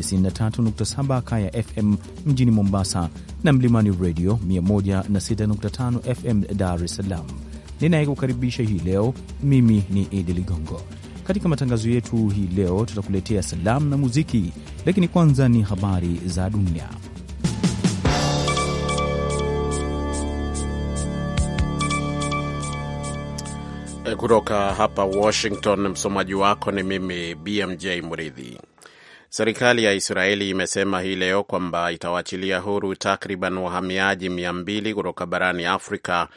93.7 Kaya FM mjini Mombasa na Mlimani Radio 106.5 FM Dar es Salaam. Ninayekukaribisha hii leo mimi ni Idi Ligongo. Katika matangazo yetu hii leo tutakuletea salamu na muziki, lakini kwanza ni habari za dunia. Kutoka hapa Washington, msomaji wako ni mimi BMJ Muridhi. Serikali ya Israeli imesema hii leo kwamba itawachilia huru takriban wahamiaji mia mbili kutoka barani Afrika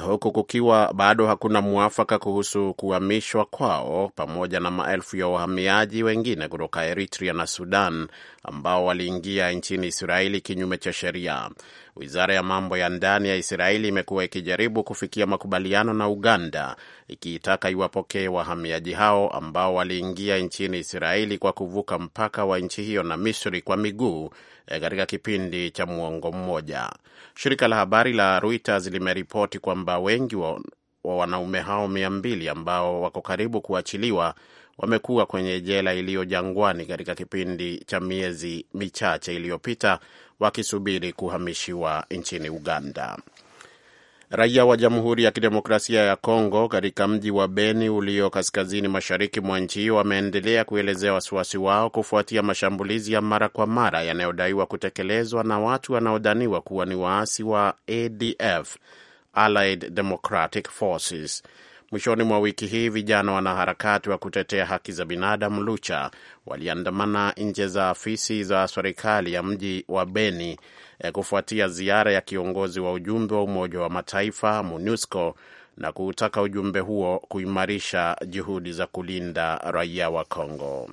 huku kukiwa bado hakuna mwafaka kuhusu kuhamishwa kwao pamoja na maelfu ya wahamiaji wengine kutoka Eritrea na Sudan ambao waliingia nchini Israeli kinyume cha sheria. Wizara ya mambo ya ndani ya Israeli imekuwa ikijaribu kufikia makubaliano na Uganda ikiitaka iwapokee wahamiaji hao ambao waliingia nchini Israeli kwa kuvuka mpaka wa nchi hiyo na Misri kwa miguu Eh, katika kipindi cha mwongo mmoja. Shirika la habari la Reuters limeripoti kwamba wengi wa, wa wanaume hao mia mbili ambao wako karibu kuachiliwa wamekuwa kwenye jela iliyo jangwani katika kipindi cha miezi michache iliyopita wakisubiri kuhamishiwa nchini Uganda. Raia wa Jamhuri ya Kidemokrasia ya Kongo katika mji wa Beni ulio kaskazini mashariki mwa nchi hiyo wameendelea kuelezea wasiwasi wao kufuatia mashambulizi ya mara kwa mara yanayodaiwa kutekelezwa na watu wanaodhaniwa kuwa ni waasi wa ADF, Allied Democratic Forces. Mwishoni mwa wiki hii vijana wanaharakati wa kutetea haki za binadamu Lucha waliandamana nje za afisi za serikali ya mji wa Beni Eh, kufuatia ziara ya kiongozi wa ujumbe wa Umoja wa Mataifa MONUSCO na kuutaka ujumbe huo kuimarisha juhudi za kulinda raia wa congo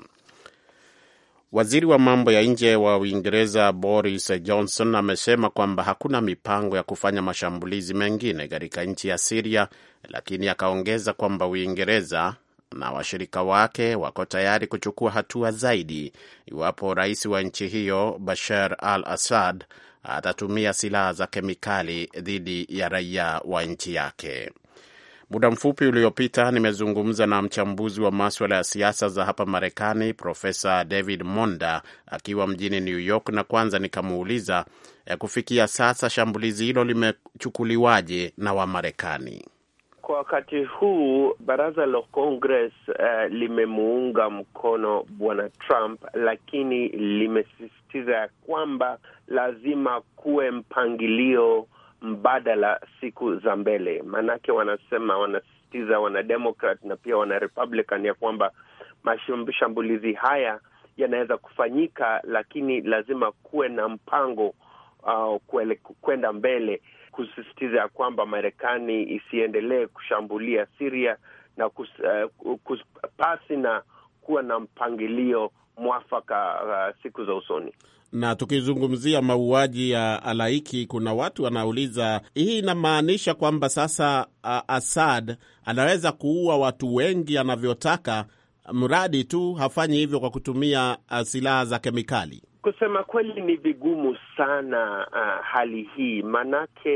Waziri wa mambo ya nje wa Uingereza Boris Johnson amesema kwamba hakuna mipango ya kufanya mashambulizi mengine katika nchi ya Siria, lakini akaongeza kwamba Uingereza na washirika wake wako tayari kuchukua hatua zaidi iwapo rais wa nchi hiyo Bashar al Assad atatumia silaha za kemikali dhidi ya raia wa nchi yake. Muda mfupi uliopita nimezungumza na mchambuzi wa maswala ya siasa za hapa Marekani, Profesa David Monda akiwa mjini New York, na kwanza nikamuuliza eh, kufikia sasa shambulizi hilo limechukuliwaje na Wamarekani kwa wakati huu baraza la Congress uh, limemuunga mkono bwana Trump, lakini limesisitiza ya kwamba lazima kuwe mpangilio mbadala siku za mbele. Maanake wanasema wanasisitiza wanademokrat na pia wanarepublican ya kwamba mashambulizi haya yanaweza kufanyika, lakini lazima kuwe na mpango uh, kwenda mbele kusisitiza ya kwamba Marekani isiendelee kushambulia Siria na kus, uh, kus, pasi na kuwa na mpangilio mwafaka uh, siku za usoni. Na tukizungumzia mauaji ya halaiki, kuna watu wanauliza hii inamaanisha kwamba sasa uh, Assad anaweza kuua watu wengi anavyotaka, mradi tu hafanyi hivyo kwa kutumia uh, silaha za kemikali. Kusema kweli ni vigumu sana uh, hali hii, maanake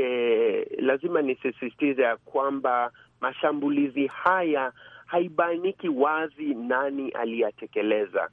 lazima nisisitize ya kwamba mashambulizi haya haibainiki wazi nani aliyatekeleza.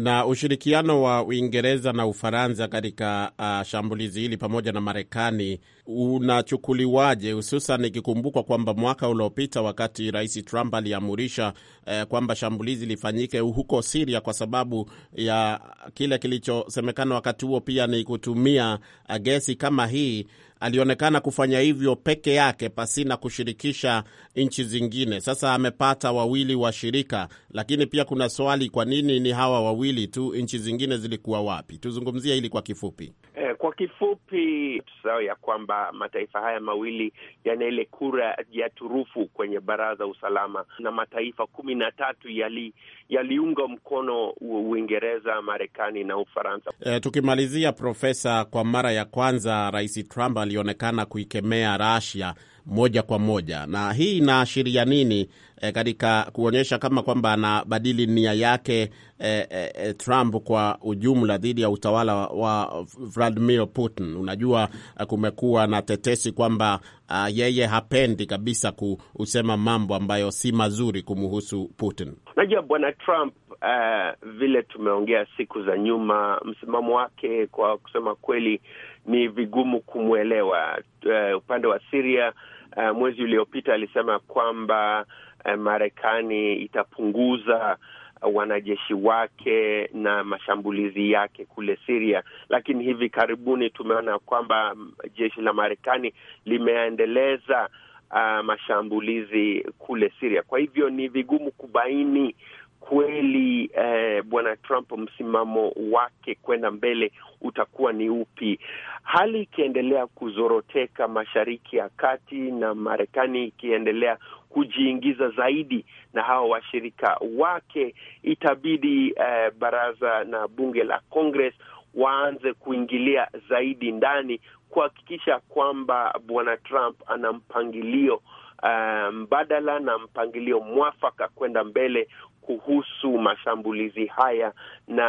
Na ushirikiano wa Uingereza na Ufaransa katika uh, shambulizi hili pamoja na Marekani unachukuliwaje, hususan ikikumbukwa kwamba mwaka uliopita wakati Rais Trump aliamurisha eh, kwamba shambulizi lifanyike huko Siria kwa sababu ya kile kilichosemekana wakati huo pia ni kutumia uh, gesi kama hii alionekana kufanya hivyo peke yake pasina kushirikisha nchi zingine. Sasa amepata wawili wa shirika, lakini pia kuna swali, kwa nini ni hawa wawili tu? Nchi zingine zilikuwa wapi? Tuzungumzie hili kwa kifupi. Eh, kwa kifupi, tusahau ya kwamba mataifa haya mawili yana ile kura ya turufu kwenye baraza usalama, na mataifa kumi na tatu yaliunga yali mkono Uingereza, Marekani na Ufaransa. E, tukimalizia Profesa, kwa mara ya kwanza Rais Trump alionekana kuikemea Russia moja kwa moja, na hii inaashiria nini e, katika kuonyesha kama kwamba anabadili nia yake e, e, e Trump kwa ujumla dhidi ya utawala wa Vladimir Putin? Unajua, e, kumekuwa na tetesi kwamba a, e, yeye hapendi kabisa kusema mambo ambayo si mazuri kumuhusu Putin. Unajua bwana Trump uh, vile tumeongea siku za nyuma, msimamo wake kwa kusema kweli ni vigumu kumwelewa. Uh, upande wa Syria uh, mwezi uliopita alisema kwamba uh, Marekani itapunguza eh, wanajeshi wake na mashambulizi yake kule Siria, lakini hivi karibuni tumeona kwamba mm, jeshi la Marekani limeendeleza uh, mashambulizi kule Siria. Kwa hivyo ni vigumu kubaini kweli eh, bwana Trump msimamo wake kwenda mbele utakuwa ni upi? Hali ikiendelea kuzoroteka mashariki ya kati na Marekani ikiendelea kujiingiza zaidi na hawa washirika wake, itabidi eh, baraza na bunge la Congress waanze kuingilia zaidi ndani kuhakikisha kwamba bwana Trump ana mpangilio Um, mbadala na mpangilio mwafaka kwenda mbele kuhusu mashambulizi haya na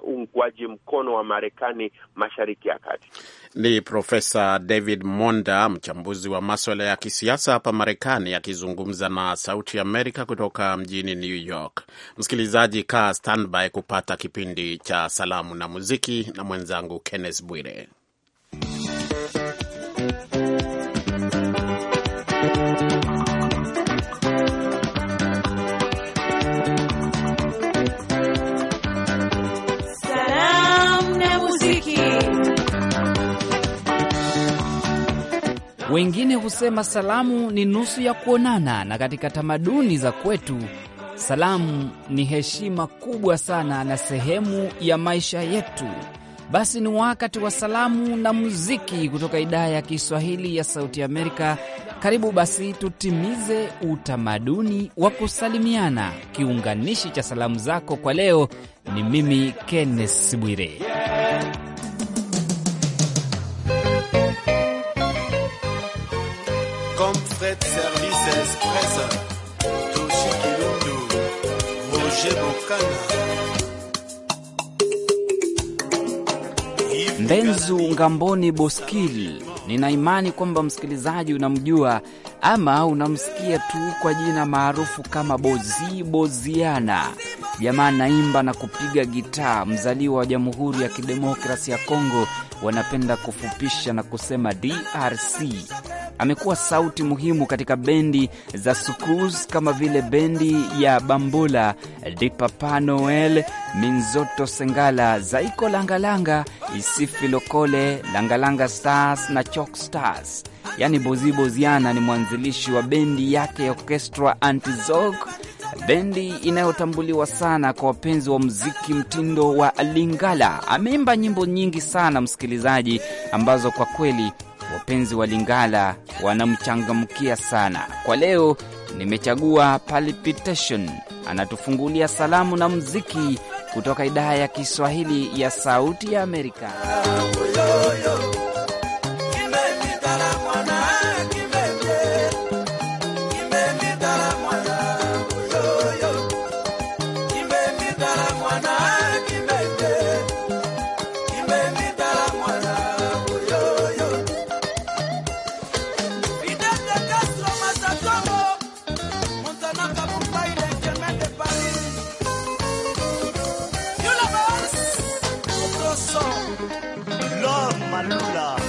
uh, uungwaji uh, mkono wa Marekani mashariki ya kati. Ni Profesa David Monda, mchambuzi wa maswala ya kisiasa hapa Marekani, akizungumza na Sauti Amerika kutoka mjini New York. Msikilizaji, kaa standby kupata kipindi cha salamu na muziki na mwenzangu Kenneth Bwire. Wengine husema salamu ni nusu ya kuonana, na katika tamaduni za kwetu salamu ni heshima kubwa sana na sehemu ya maisha yetu. Basi ni wakati wa salamu na muziki kutoka idhaa ya Kiswahili ya Sauti Amerika. Karibu basi tutimize utamaduni wa kusalimiana. Kiunganishi cha salamu zako kwa leo ni mimi Kenneth Bwire. Toshi Roger Bokana, Mbenzu Ngamboni Boskil. Nina imani kwamba msikilizaji unamjua ama unamsikia tu kwa jina maarufu kama Bozi Boziana. Jamaa naimba na kupiga gitaa, mzaliwa wa Jamhuri ya Kidemokrasi ya Kongo, wanapenda kufupisha na kusema DRC amekuwa sauti muhimu katika bendi za sukus kama vile bendi ya Bambula, Dipapa Noel, Minzoto Sengala, Zaiko Langalanga, Isifi Lokole, Langalanga Stars na Chok Stars. Yaani Boziboziana ni mwanzilishi wa bendi yake ya Orkestra Antizog, bendi inayotambuliwa sana kwa wapenzi wa muziki mtindo wa Lingala. Ameimba nyimbo nyingi sana msikilizaji, ambazo kwa kweli wapenzi wa Lingala wanamchangamkia sana. Kwa leo nimechagua Palpitation, anatufungulia salamu na muziki kutoka idhaa ya Kiswahili ya Sauti ya Amerika. Los Malula.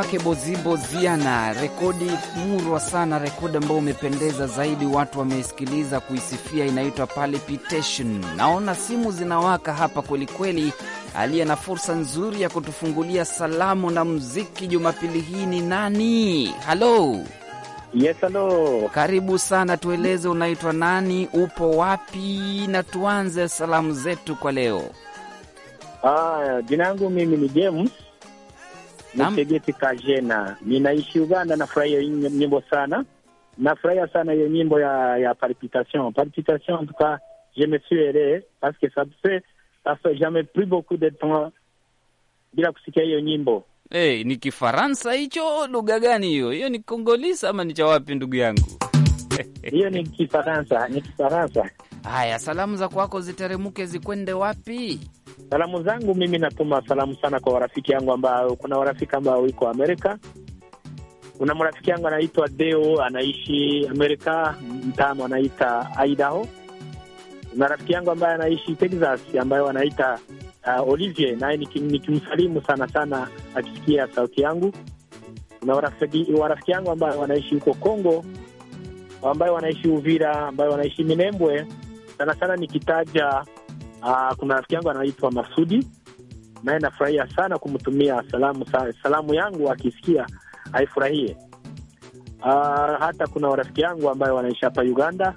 wake Bozimbo Ziana, rekodi murwa sana, rekodi ambao umependeza zaidi, watu wamesikiliza kuisifia, inaitwa Palpitation. Naona simu zinawaka hapa kwelikweli. Aliye na fursa nzuri ya kutufungulia salamu na mziki jumapili hii ni nani? Halo. Yes, Karibu sana, tueleze unaitwa nani, upo wapi, na tuanze salamu zetu kwa leo. Ah, jina yangu mimi ni James Mtegeti Kajena, ninaishi Uganda. Nafurahia hiyo nyimbo sana, nafurahia sana hiyo nyimbo ya ya palpitation palpitation. En tout cas je me suis erré parce que ça fait ça fait jamais pris beaucoup de temps bila kusikia hiyo nyimbo. Hey, eh, ni Kifaransa hicho? Lugha gani hiyo? Hiyo ni Kongolisa ama ni cha wapi, ndugu yangu? Hiyo ni Kifaransa, ni Kifaransa. Haya, salamu za kwako ziteremuke zikwende wapi? Salamu zangu mimi natuma salamu sana kwa warafiki yangu ambao, kuna warafiki ambao iko Amerika. Kuna mrafiki yangu anaitwa Deo, anaishi Amerika, mtamu anaita Idaho, na rafiki yangu ambaye anaishi Texas ambayo anaita uh, Olivier, naye nikimsalimu sana sana akisikia sauti yangu. Kuna warafiki, yangu ambayo wanaishi huko Congo, ambayo wanaishi Uvira, ambayo wanaishi Minembwe. Sana sana nikitaja Aa, ah, kuna rafiki yangu anaitwa Masudi naye nafurahia sana kumtumia salamu salamu yangu, akisikia aifurahie. Ah, hata kuna warafiki yangu ambayo wanaishi hapa Uganda,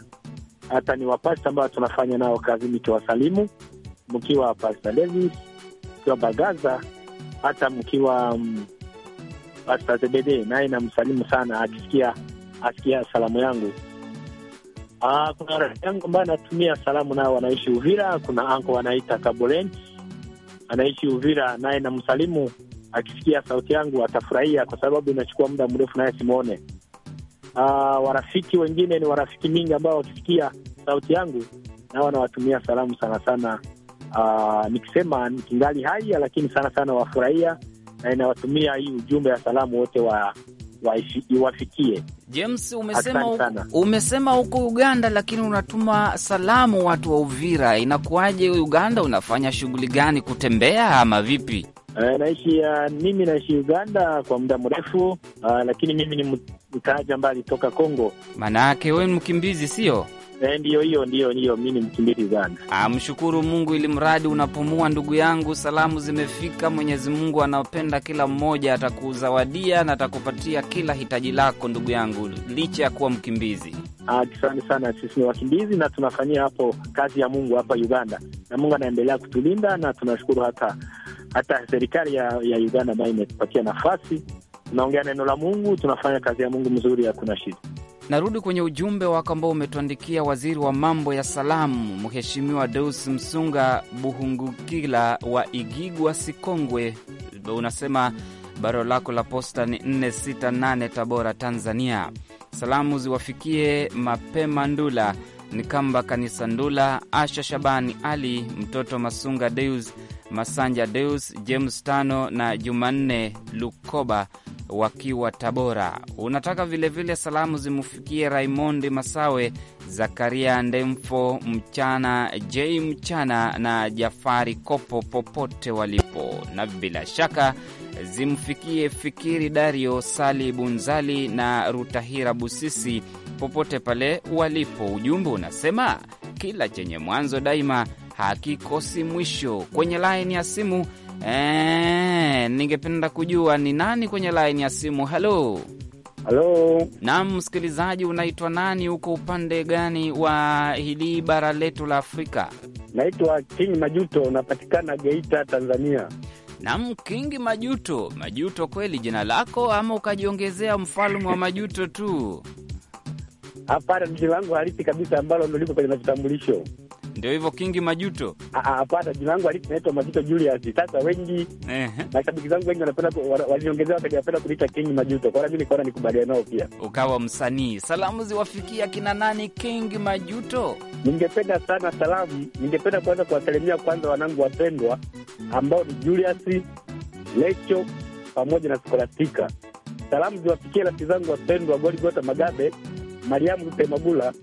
hata ni wapasta ambayo tunafanya nao kazi, nikiwasalimu mkiwa Pasta Davis, mkiwa Bagaza, hata mkiwa um, mm, Pasta Zebede, naye namsalimu sana akisikia akisikia salamu yangu. Ah, kuna rafiki yangu ambaye anatumia salamu nayo wanaishi Uvira. Kuna anko anaita Kaboleni, anaishi Uvira, naye namsalimu akisikia sauti yangu atafurahia, kwa sababu inachukua muda mrefu naye simwone. Ah, warafiki wengine ni warafiki mingi ambao wakisikia sauti yangu nao wanawatumia salamu sana sana. Ah, nikisema kingali hai, lakini sana sana wafurahia na inawatumia hii ujumbe ya salamu wote wa iwafikie. James, umesema umesema huko Uganda, lakini unatuma salamu watu wa Uvira. Inakuwaje Uganda, unafanya shughuli gani? Kutembea ama vipi? Uh, naishi uh, mimi naishi Uganda kwa muda mrefu uh, lakini mimi ni mkaaji ambaye alitoka Kongo. Maana yake wewe ni mkimbizi, sio? Eh, ndio ndiyo hiyo, ndiyo hiyo, mi ni mkimbizi sana. Amshukuru ah, Mungu ili mradi unapumua, ndugu yangu. Salamu zimefika. Mwenyezi Mungu anapenda kila mmoja, atakuzawadia na atakupatia kila hitaji lako, ndugu yangu, licha ya kuwa mkimbizi. Asante sana. Sisi ni wakimbizi na tunafanyia hapo kazi ya Mungu hapa Uganda, na Mungu anaendelea kutulinda na tunashukuru hata hata serikali ya, ya Uganda ambayo imetupatia nafasi, tunaongea neno la Mungu, tunafanya kazi ya Mungu mzuri, hakuna shida. Narudi kwenye ujumbe wako ambao umetuandikia waziri wa mambo ya salamu, Mheshimiwa Deus Msunga Buhungukila wa Igigwa, Sikongwe. Unasema barua lako la posta ni 468 Tabora, Tanzania. Salamu ziwafikie Mapema Ndula ni kamba Kanisa Ndula, Asha Shabani Ali, mtoto Masunga Deus, Masanja Deus, James Tano na Jumanne Lukoba wakiwa Tabora. Unataka vilevile vile salamu zimfikie Raimondi Masawe, Zakaria Ndemfo, Mchana J Mchana na Jafari Kopo popote walipo, na bila shaka zimfikie Fikiri Dario, Sali Bunzali na Rutahira Busisi popote pale walipo. Ujumbe unasema kila chenye mwanzo daima hakikosi mwisho. Kwenye laini ya simu Eh, ningependa kujua ni nani kwenye laini ya simu. Halo, halo. Naam, msikilizaji, unaitwa nani? Uko upande gani wa hili bara letu la Afrika? Naitwa King Majuto, napatikana Geita, Tanzania. Naam, King Majuto. Majuto kweli jina lako ama ukajiongezea mfalme wa majuto tu? Hapana, jina langu halisi kabisa ambalo ndo liko kwenye vitambulisho ndio hivyo Kingi Majuto. Ah, ah, hapana, jina langu halisi naitwa Majuto Julius. Sasa wengi mashabiki zangu wengi wanapenda waliongezea, wakajapenda kuniita Kingi Majuto, kwa mimi nikaona nikubaliana nao pia, ukawa msanii. Salamu ziwafikia kina nani, Kingi Majuto? Ningependa sana salamu, ningependa kwanza kuwasalimia kwanza wanangu wapendwa ambao ni Julius, Lecho pamoja na Skolastika. Salamu ziwafikie rafiki zangu wapendwa Goligota Magabe, Mariamu Rutemagula,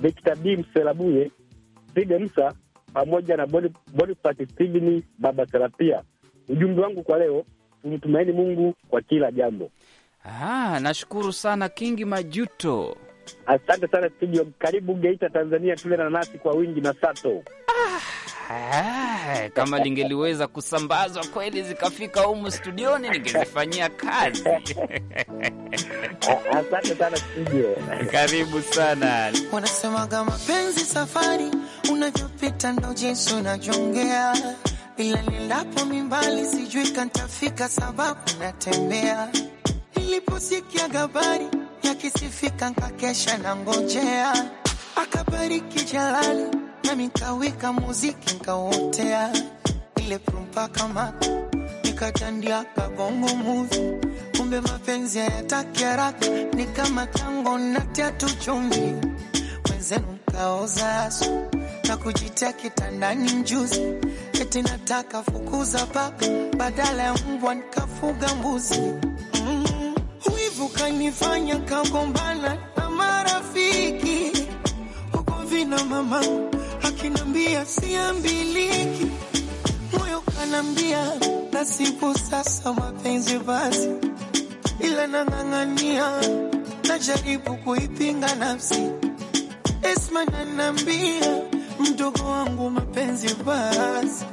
Bektabi Mselabuye Mpige Msa pamoja na Bonifasi Steveni Baba Serapia. Ujumbe wangu kwa leo, tumtumaini Mungu kwa kila jambo. Ah, nashukuru sana Kingi Majuto, asante sana studio. Karibu Geita, Tanzania, tule na nasi kwa wingi na sato. Ah, kama lingeliweza kusambazwa kweli zikafika humu studioni ningezifanyia kazi. Asante sana studio, karibu sana. Wanasemaga mapenzi safari Unavyopita ndo jinsi unajongea, ila nilapo mimbali sijui kantafika, sababu natembea. Niliposikia habari yakisifika, nkakesha na ngojea, akabariki Jalali na mikawika muziki nkaotea, ile prumpaka maka nikatandia kagongo muvi Kumbe mapenzi hayataki haraka, ni kama tango na tatu chumvi, wenzenu mkaoza na kujitia kitandani mjuzi, eti nataka fukuza paka badala ya mbwa nikafuga mbuzi. Mm, wivu kanifanya kagombana na marafiki, ugomvi na mama akinambia siambiliki, moyo kanambia nasibu sasa mapenzi basi, ila nang'ang'ania najaribu kuipinga nafsi Esma nanambia mdogo wangu mapenzi basi,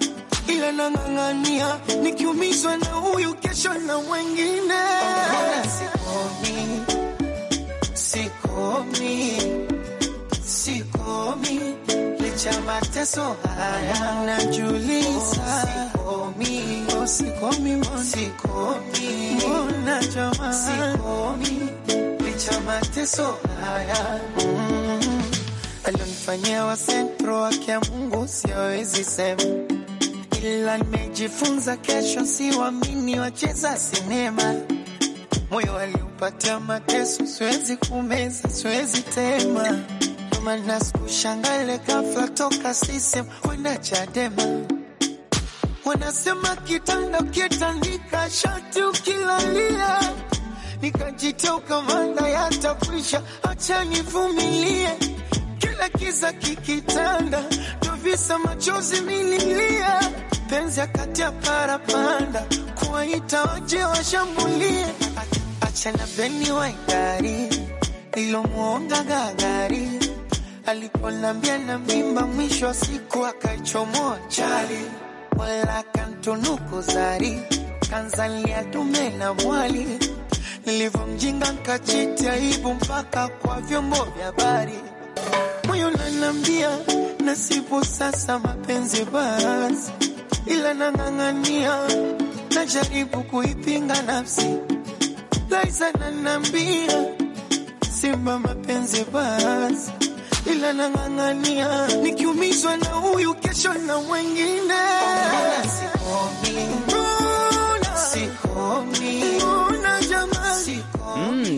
ila nang'ang'ania nikiumizwa na huyu kesho na wengine sikomi, sikomi, sikomi licha mateso haya najuliza sikomi, sikomi, sikomi mbona jamani sikomi licha mateso haya mm-hmm nifanyia wa sentro wake ya Mungu siwezi sema, ila nimejifunza kesho si wamini wacheza sinema, moyo waliupatia mateso siwezi kumeza siwezi tema, mana sikushangale ghafla toka sisem kwenda Chadema wanasema kitanda kitandika shati ukilalia, nikajitoka manda yatapisha, acha nivumilie kila kiza kikitanda, tovisa machozi mililia, penzi akati ya parapanda, kuwaita waje washambulie, achana beni waigari ilomwonga gagari, alipolambia na mimba, mwisho wa siku akaichomoa chali, wala kantunuko zari kanzalia dume na mwali, nilivyomjinga nkajiti aibu mpaka kwa vyombo vya habari moyo nanambia nasipo sasa mapenzi basi, ila nang'ang'ania, najaribu kuipinga nafsi. Laiza nanambia simba mapenzi basi, ila nang'ang'ania, nikiumizwa na huyu kesho na wengine Sikomi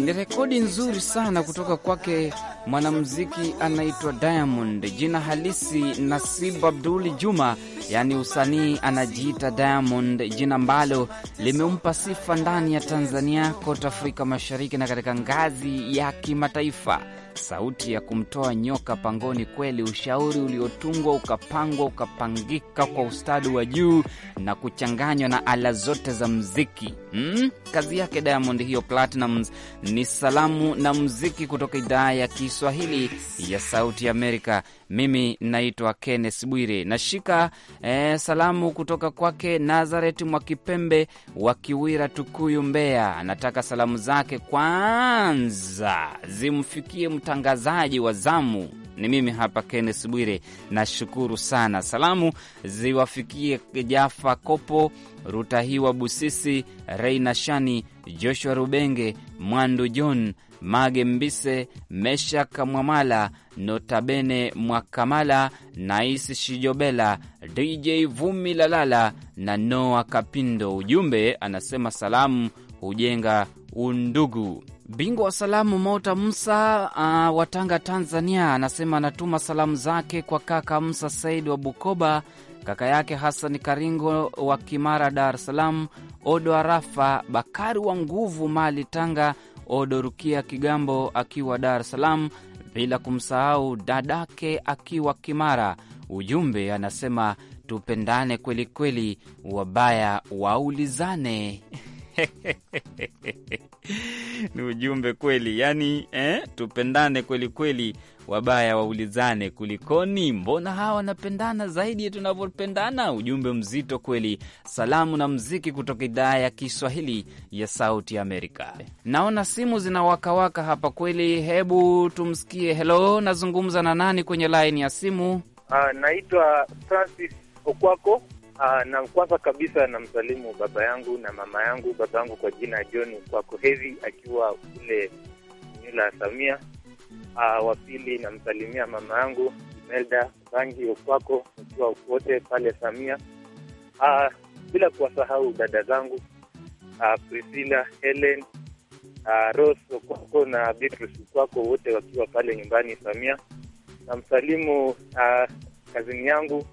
ni rekodi nzuri sana kutoka kwake mwanamuziki anaitwa Diamond, jina halisi Nasib Abduli Juma, yaani usanii anajiita Diamond, jina ambalo limempa sifa ndani ya Tanzania, kote Afrika Mashariki na katika ngazi ya kimataifa sauti ya kumtoa nyoka pangoni kweli, ushauri uliotungwa ukapangwa ukapangika kwa ustadi wa juu na kuchanganywa na ala zote za mziki hmm? Kazi yake Diamond hiyo Platinums ni salamu na mziki kutoka idhaa ya Kiswahili ya Sauti Amerika. Mimi naitwa Kenneth Bwire, nashika eh, salamu kutoka kwake nazaret Mwakipembe wa Kiwira, Tukuyu, Mbeya. Nataka salamu zake kwanza zimfikie mtangazaji wa zamu ni mimi hapa Kennes Bwire, nashukuru sana. Salamu ziwafikie Jafa Kopo, Rutahiwa Busisi, Reina Shani, Joshua Rubenge, Mwandu John Mage Mbise, Meshak Mwamala, Notabene Mwakamala, Naisi Shijobela, DJ Vumi Lalala na Noa Kapindo. Ujumbe anasema salamu hujenga undugu. Bingwa wa salamu Mota Musa uh, wa Tanga, Tanzania, anasema anatuma salamu zake kwa kaka Musa Said wa Bukoba, kaka yake Hasani Karingo wa Kimara, Dar es Salaam, Odo Arafa Bakari wa Nguvu Mali, Tanga, Odo Rukia Kigambo akiwa Dar es Salaam, bila kumsahau dadake akiwa Kimara. Ujumbe anasema tupendane kwelikweli, wabaya waulizane. ni ujumbe kweli, yaani eh, tupendane kweli kweli, wabaya waulizane kulikoni, mbona hawa wanapendana zaidi tunavyopendana? Ujumbe mzito kweli. Salamu na mziki kutoka idhaa ya Kiswahili ya Sauti Amerika. Naona simu zinawakawaka hapa kweli, hebu tumsikie. Helo, nazungumza na nani kwenye laini ya simu? Uh, naitwa Francis Okwako Aa, ah, na kwanza kabisa namsalimu baba yangu na mama yangu, baba yangu kwa jina John kwa Kohevi akiwa kule Nyula Samia. Ah, wa pili namsalimia mama yangu Melda Bangi Okwako akiwa wote pale Samia. Ah, bila kuwasahau dada zangu Priscilla, Helen, Rose Okwako na Beatrice kwako wote wakiwa pale nyumbani Samia. Namsalimu kazini yangu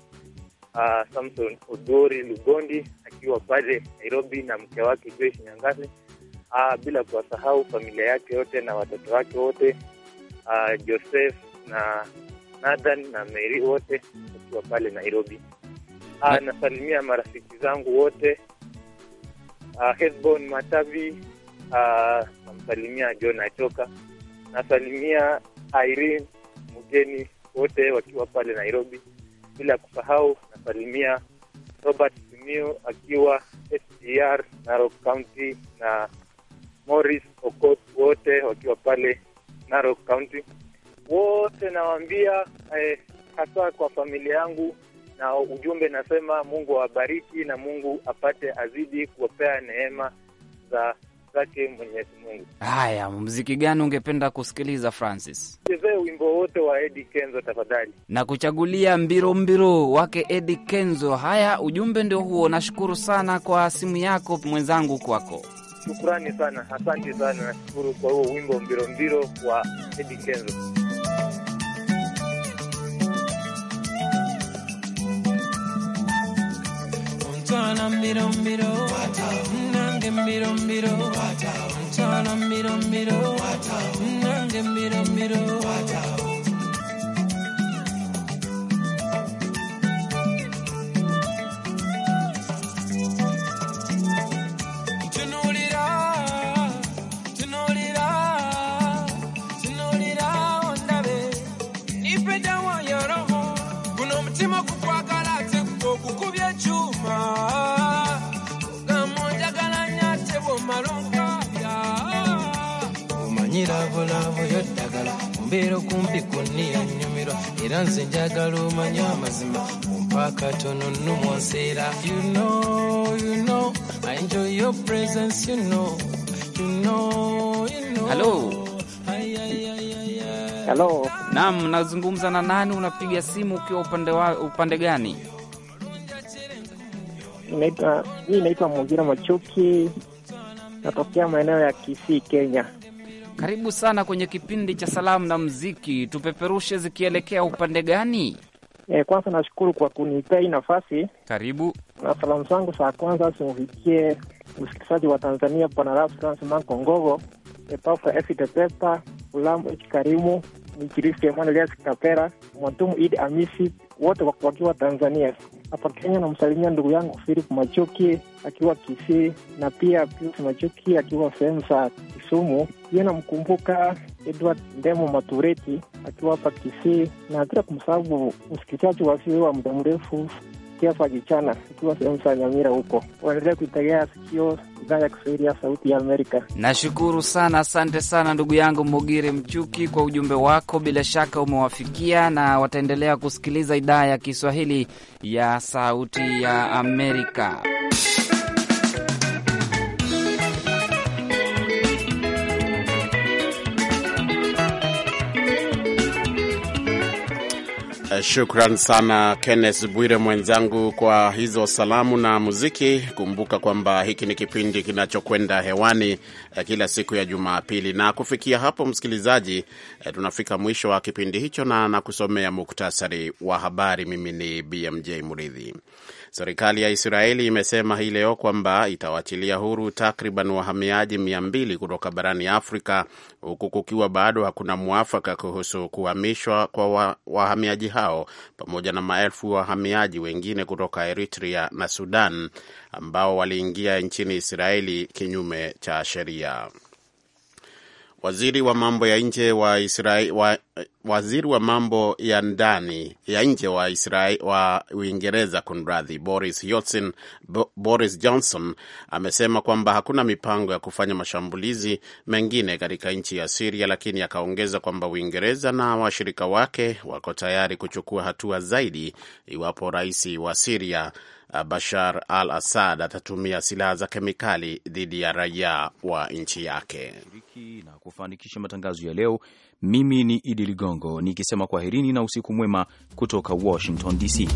uh, Samson Odori Lugondi akiwa pale Nairobi na mke wake Joyce Nyang'ale, uh, ah, bila kuwasahau familia yake yote na watoto wake wote uh, Joseph na Nathan na Mary wote wakiwa pale Nairobi. Uh, nasalimia marafiki zangu wote uh, Hezbon Matavi uh, namsalimia John Achoka, nasalimia Irene Mugeni wote wakiwa pale Nairobi bila kusahau nasalimia Robert Simiu akiwa SGR Narok County na Morris Okot wote wakiwa pale Narok County. Wote nawaambia eh, hasa kwa familia yangu na ujumbe nasema Mungu awabariki na Mungu apate azidi kuwapea neema za zake Mwenyezi Mungu. Haya, mziki gani ungependa kusikiliza Francis? Chezee wimbo wote wa Eddie Kenzo tafadhali, na kuchagulia mbiro mbiro wake Eddie Kenzo. Haya, ujumbe ndio huo. Nashukuru sana kwa simu yako mwenzangu, kwako shukurani sana, asante sana, nashukuru kwa huo wimbo mbiro mbiro wa Eddie Kenzo. ntwala mbiro mbiro nange mbiro mbiro ntwala mbiro mbiro nange mbiro mbiro mbeera okumpi kunira nnyumiro era nze njagala omanye amazima mumpa katono nnumwa nseera you know, you know, I enjoy your presence, you know, you know, you know. Hello. Hello. Naam, nazungumza na nani? Unapiga simu ukiwa upande wa upande gani? Mimi naitwa Mugira Machuki, natokea maeneo ya Kisii, Kenya. Karibu sana kwenye kipindi cha salamu na mziki, tupeperushe zikielekea upande gani? E, kwanza nashukuru kwa kunipea hii nafasi. Karibu na salamu zangu za kwanza zimufikie msikilizaji wa Tanzania Bwana epafa Kongogo, Efitepepa, Ulamu ichi Karimu, Mkiristi Emmanuel Elias Kapera, Mwatumu Idi Amisi, wote wakiwa Tanzania. Hapa Kenya namsalimia ndugu yangu Philip Machuki akiwa Kisii na pia Pius Machuki akiwa sehemu za Kisumu pia namkumbuka Edward Ndemo Matureti akiwa hapa Kisii, na bila kumsahabu msikilizaji wasio wa muda mrefu Kiafa Kichana ikiwa sehemu za Nyamira huko. Waendelea kuitegea sikio idhaa ya Kiswahili ya Sauti ya Amerika. Nashukuru sana, asante sana ndugu yangu mugiri Mchuki kwa ujumbe wako, bila shaka umewafikia na wataendelea kusikiliza idhaa ya Kiswahili ya Sauti ya Amerika. Shukran sana Kenneth Bwire mwenzangu kwa hizo salamu na muziki. Kumbuka kwamba hiki ni kipindi kinachokwenda hewani Eh, kila siku ya Jumapili. Na kufikia hapo, msikilizaji, eh, tunafika mwisho wa kipindi hicho, na nakusomea muktasari wa habari. Mimi ni BMJ Muridhi. Serikali ya Israeli imesema hii leo kwamba itawachilia huru takriban wahamiaji mia mbili kutoka barani Afrika, huku kukiwa bado hakuna mwafaka kuhusu kuhamishwa kwa wahamiaji hao pamoja na maelfu ya wahamiaji wengine kutoka Eritrea na Sudan ambao waliingia nchini Israeli kinyume cha sheria. Waziri wa mambo ya nje wa Israeli wa, waziri wa mambo ya ndani ya nje wa wa Uingereza kunradhi, Boris Bo, Boris Johnson amesema kwamba hakuna mipango ya kufanya mashambulizi mengine katika nchi ya Siria, lakini akaongeza kwamba Uingereza na washirika wake wako tayari kuchukua hatua zaidi iwapo rais wa Siria Bashar al Assad atatumia silaha za kemikali dhidi ya raia wa nchi yake. Na kufanikisha matangazo ya leo, mimi ni Idi Ligongo nikisema kwaherini na usiku mwema kutoka Washington DC.